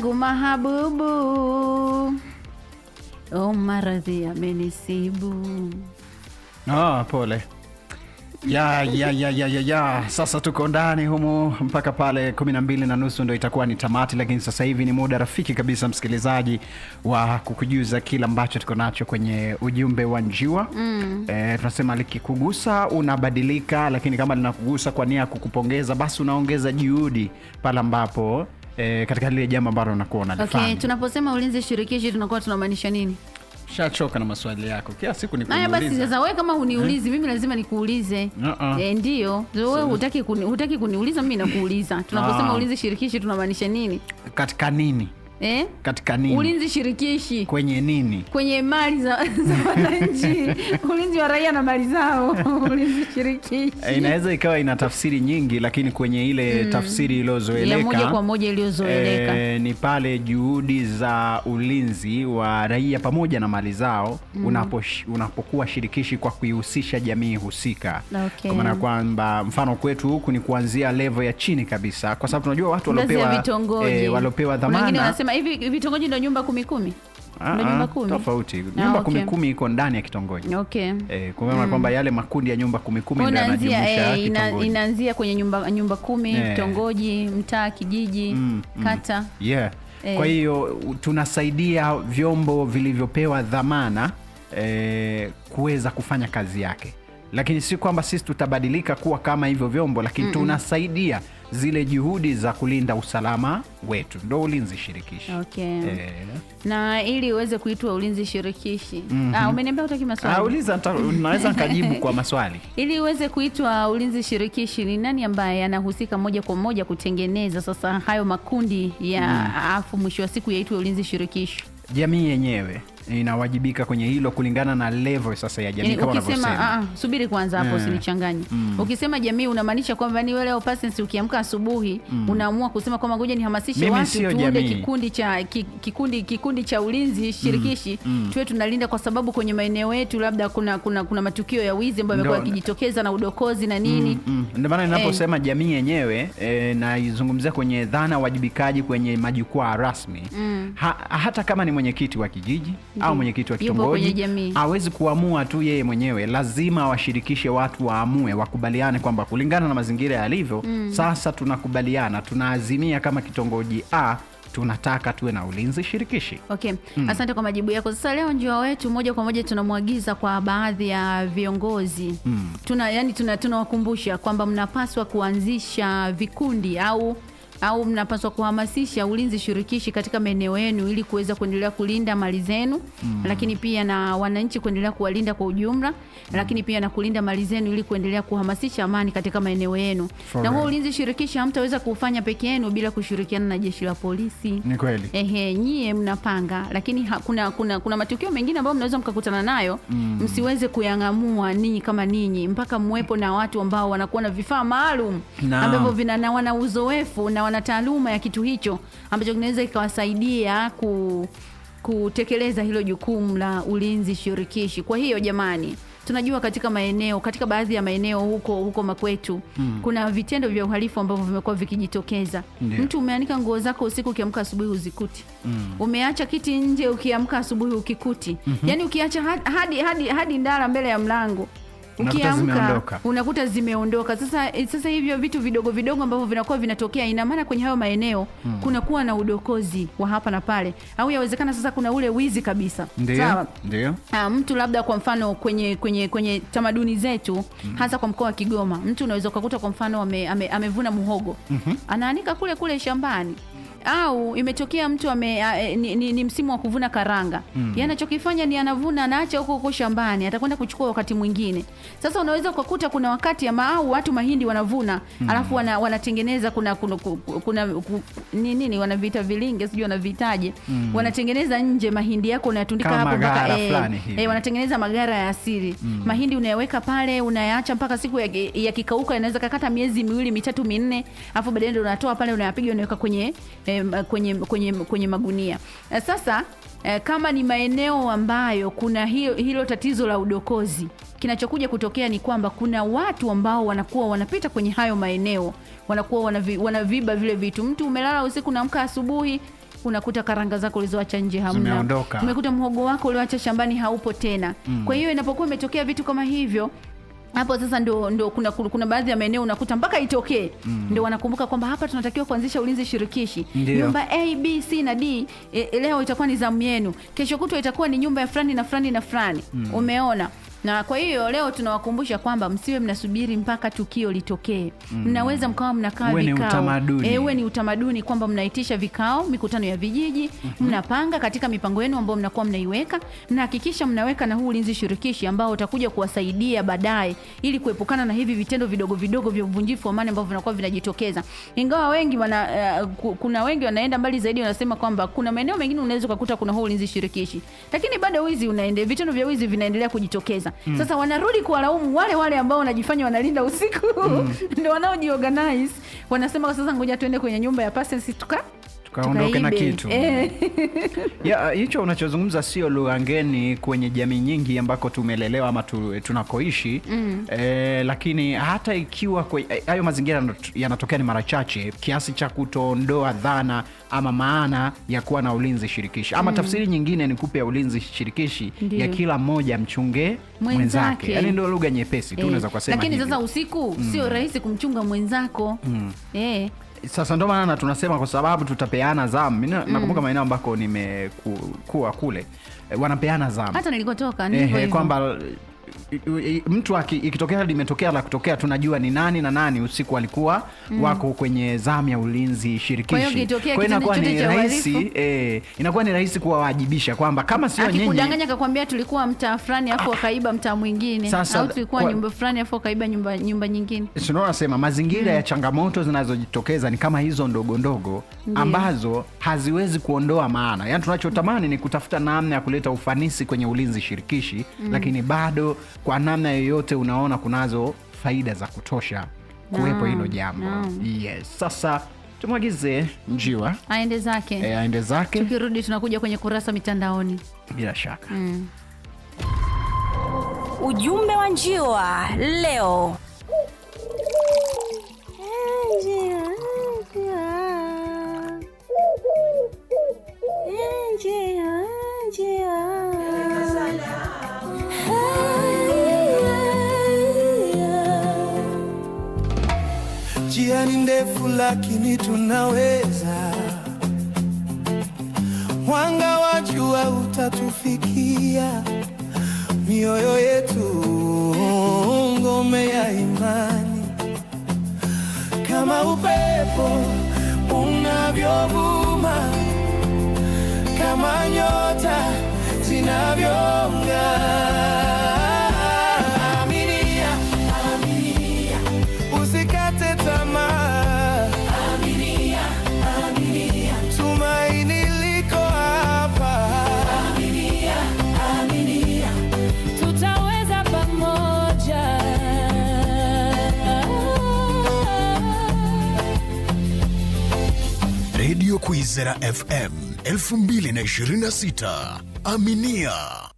yangu mahabubu, oh, maradhi yamenisibu. Oh, ah, pole ya, ya, ya, ya, ya, ya. Sasa tuko ndani humu mpaka pale 12 na na nusu ndo itakuwa ni tamati, lakini sasa hivi ni muda rafiki kabisa msikilizaji wa kukujuza kila ambacho tuko nacho kwenye ujumbe wa njiwa mm. E, tunasema likikugusa unabadilika, lakini kama linakugusa kwa nia ya kukupongeza, basi unaongeza juhudi pale ambapo e, katika lile jambo ambalo unakuwa unalifanya. Okay, tunaposema ulinzi shirikishi tunakuwa tunamaanisha nini? Shachoka na maswali yako kila siku ni kuuliza. Basi sasa wewe kama uniulizi eh, mimi lazima nikuulize uh -uh. Eh, ndio wewe hutaki kuni, hutaki kuniuliza mimi nakuuliza. Tunaposema ah. ulinzi shirikishi tunamaanisha nini? Katika nini? eh? Katika nini? Ulinzi shirikishi kwenye nini? Kwenye mali za wananchi ulinzi wa raia na mali zao ulinzi shirikishi e, inaweza ikawa ina tafsiri nyingi, lakini kwenye ile mm, tafsiri iliyozoeleka moja kwa moja iliyozoeleka e, ni pale juhudi za ulinzi wa raia pamoja na mali zao mm, unapo, unapokuwa shirikishi kwa kuihusisha jamii husika okay, kwa maana kwamba mfano kwetu huku ni kuanzia level ya chini kabisa, kwa sababu tunajua watu waliopewa e, waliopewa dhamana kama hivi vitongoji ndo nyumba kumi kumi? Ah, nyumba ah, tofauti. Ah, nyumba kumi kumi iko ndani ya kitongoji. Okay. e, kwa mm. kwamba yale makundi ya nyumba kumi kumi eh, Inaanzia kwenye nyumba nyumba kumi, eh. kitongoji, mtaa, kijiji, mm, mm. kata. Yeah. Kwa hiyo tunasaidia vyombo vilivyopewa dhamana e, kuweza kufanya kazi yake lakini si kwamba sisi tutabadilika kuwa kama hivyo vyombo, lakini mm -mm. tunasaidia zile juhudi za kulinda usalama wetu, ndo ulinzi shirikishi okay. E. na ili uweze kuitwa ulinzi shirikishi mm -hmm. Umeniambia utaki maswali, ah, uliza naweza nikajibu kwa maswali. Ili uweze kuitwa ulinzi shirikishi, ni nani ambaye anahusika moja kwa moja kutengeneza sasa hayo makundi ya mm. afu mwisho wa siku yaitwe ulinzi shirikishi? Jamii yenyewe inawajibika kwenye hilo kulingana na level sasa ya jamii yaani, kama unavyosema. Ah, ah, subiri kwanza hapo, eh. usinichanganye. Mm. Ukisema jamii unamaanisha kwamba ni wewe leo persons, ukiamka asubuhi mm. unaamua kusema kwamba ngoja nihamasishe watu tuunde kikundi cha kikundi kikundi cha ulinzi mm. shirikishi tuwe tunalinda, kwa sababu kwenye maeneo yetu labda kuna kuna kuna matukio ya wizi ambayo yamekuwa yakijitokeza na udokozi na nini. Ndio maana eh. ninaposema jamii yenyewe eh, naizungumzia kwenye dhana wajibikaji kwenye majukwaa rasmi, hata kama ni mwenyekiti wa kijiji au mwenyekiti wa kitongoji awezi kuamua tu yeye mwenyewe, lazima washirikishe watu waamue, wakubaliane kwamba kulingana na mazingira yalivyo mm. Sasa tunakubaliana, tunaazimia kama kitongoji A tunataka tuwe na ulinzi shirikishi. Okay. Mm. Asante kwa majibu yako. Sasa leo njia wetu moja kwa moja tunamwagiza kwa baadhi ya viongozi mm. tuna, yani tunawakumbusha tuna kwamba mnapaswa kuanzisha vikundi au au mnapaswa kuhamasisha ulinzi shirikishi katika maeneo yenu ili kuweza kuendelea kulinda mali zenu mm. Lakini pia na wananchi kuendelea kuwalinda kwa ujumla mm. Lakini pia na kulinda mali zenu ili kuendelea kuhamasisha amani katika maeneo yenu na huo ulinzi shirikishi hamtaweza kuufanya peke yenu bila kushirikiana na jeshi la polisi. Ni kweli. Ehe, nyie mnapanga, lakini ha, kuna, kuna, kuna matukio mengine ambayo mnaweza mkakutana nayo mm. Msiweze kuyang'amua ninyi kama ninyi mpaka mwepo na watu ambao wanakuwa na vifaa maalum ambavyo vinana wana uzoefu na wana taaluma ya kitu hicho ambacho kinaweza kikawasaidia ku, kutekeleza hilo jukumu la ulinzi shirikishi. Kwa hiyo jamani, tunajua katika maeneo katika baadhi ya maeneo huko huko makwetu hmm. kuna vitendo vya uhalifu ambavyo vimekuwa vikijitokeza. Ndiyo. Mtu umeanika nguo zako usiku, ukiamka asubuhi uzikuti hmm. umeacha kiti nje, ukiamka asubuhi ukikuti mm -hmm. Yani ukiacha hadi, hadi, hadi ndara mbele ya mlango ukiamka unakuta zimeondoka. Sasa eh, sasa hivyo vitu vidogo vidogo ambavyo vinakuwa vinatokea, ina maana kwenye hayo maeneo hmm, kunakuwa na udokozi wa hapa na pale, au yawezekana sasa kuna ule wizi kabisa. Sawa, ndio ah, mtu labda kwa mfano kwenye kwenye kwenye tamaduni zetu hmm, hasa kwa mkoa wa Kigoma, mtu unaweza ukakuta kwa mfano amevuna ame, ame muhogo mm -hmm, anaanika kule kule shambani au imetokea mtu ame, a, e, ni, ni, ni msimu wa kuvuna karanga mm. yani anachokifanya ni anavuna anaacha huko huko shambani, atakwenda kuchukua wakati mwingine. Sasa unaweza ukakuta kuna wakati ama au watu mahindi wanavuna mm. Alafu wana, wanatengeneza kuna kuna, kuna, kuna ni nini wanaviita vilinge, sijui wanavihitaje mm. Wanatengeneza nje mahindi yako unayatundika hapo mpaka e, e, wanatengeneza magara ya asili mm. Mahindi unayaweka pale unayaacha mpaka siku yakikauka ya yanaweza kakata miezi miwili mitatu minne, alafu baadaye ndio unatoa pale unayapiga unaweka kwenye Eh, kwenye, kwenye, kwenye magunia eh, sasa eh, kama ni maeneo ambayo kuna hilo, hilo tatizo la udokozi kinachokuja kutokea ni kwamba kuna watu ambao wanakuwa wanapita kwenye hayo maeneo wanakuwa wanavi, wanaviba vile vitu. Mtu umelala usiku, naamka asubuhi unakuta karanga zako ulizoacha nje hamna, umekuta mhogo wako ulioacha shambani haupo tena. Mm. Kwa hiyo inapokuwa imetokea vitu kama hivyo hapo sasa ndo, ndo kuna, kuna baadhi ya maeneo unakuta mpaka itokee mm. Ndo wanakumbuka kwamba hapa tunatakiwa kuanzisha ulinzi shirikishi Ndiyo. Nyumba A, B, C na D e, leo itakuwa ni zamu yenu, kesho kutwa itakuwa ni nyumba ya fulani na fulani na fulani mm. Umeona na kwa hiyo leo tunawakumbusha kwamba msiwe mnasubiri mpaka tukio litokee. Mm. Mnaweza mkawa mnakaa vikao. ni eh, uwe ni utamaduni kwamba mnaitisha vikao, mikutano ya vijiji, mm -hmm. mnapanga katika mipango yenu ambayo mnakuwa mnaiweka, mnahakikisha mnaweka na huu ulinzi shirikishi ambao utakuja kuwasaidia baadaye ili kuepukana na hivi vitendo vidogo vidogo vya uvunjifu wa amani ambavyo vinakuwa vinajitokeza. Ingawa wengi wana uh, kuna wengi wanaenda mbali zaidi wanasema kwamba kuna maeneo mengine unaweza ukakuta kuna huu ulinzi shirikishi. Lakini bado wizi unaende vitendo vya wizi vinaendelea kujitokeza sasa mm. Sasa wanarudi kuwalaumu wale wale ambao wanajifanya wanalinda usiku mm. Ndio wanaojiorganize wanasema, sasa ngoja tuende kwenye nyumba ya Patience tuka tukaondoke na kitu yeah. Hicho unachozungumza sio lugha ngeni kwenye jamii nyingi ambako tumelelewa ama tu, tunakoishi mm. E, lakini hata ikiwa eh, hayo mazingira yanatokea ni mara chache kiasi cha kutoondoa dhana ama maana ya kuwa na ulinzi shirikishi ama mm. Tafsiri nyingine ni kupe ya ulinzi shirikishi Ndiyo. ya kila mmoja mchunge mwenzake, yaani ndio lugha nyepesi tu eh. unaweza kusema, lakini sasa usiku mm. sio rahisi kumchunga mwenzako mm. e. Sasa ndio maana tunasema kwa sababu tutapeana zamu. mm. nakumbuka maeneo ambako nimekuwa kule eh, wanapeana zamu, hata nilikotoka, eh, kwamba mtu ikitokea limetokea la kutokea, tunajua ni nani na nani usiku walikuwa mm. wako kwenye zamu ya ulinzi shirikishi. Kwa hiyo inakuwa ni rahisi eh, inakuwa ni rahisi kuwawajibisha kwamba kama sio nyinyi, akikudanganya akakwambia tulikuwa mtaa fulani afu akaiba mtaa mwingine, au tulikuwa nyumba fulani afu akaiba nyumba nyumba nyingine. Sio nasema mazingira mm. ya changamoto zinazojitokeza ni kama hizo ndogo ndogo Ndiyo. ambazo haziwezi kuondoa maana, yaani tunachotamani ni kutafuta namna ya kuleta ufanisi kwenye ulinzi shirikishi mm. lakini bado kwa namna yoyote unaona kunazo faida za kutosha kuwepo hilo jambo. Yes, sasa tumwagize Njiwa aende zake, e, aende zake. Tukirudi tunakuja kwenye kurasa mitandaoni bila shaka mm. Ujumbe wa Njiwa leo. lakini tunaweza. Mwanga wa jua utatufikia, mioyo yetu ngome ya imani, kama upepo unavyovuma, kama nyota zinavyong'aa Kwizera FM 2026. Aminia.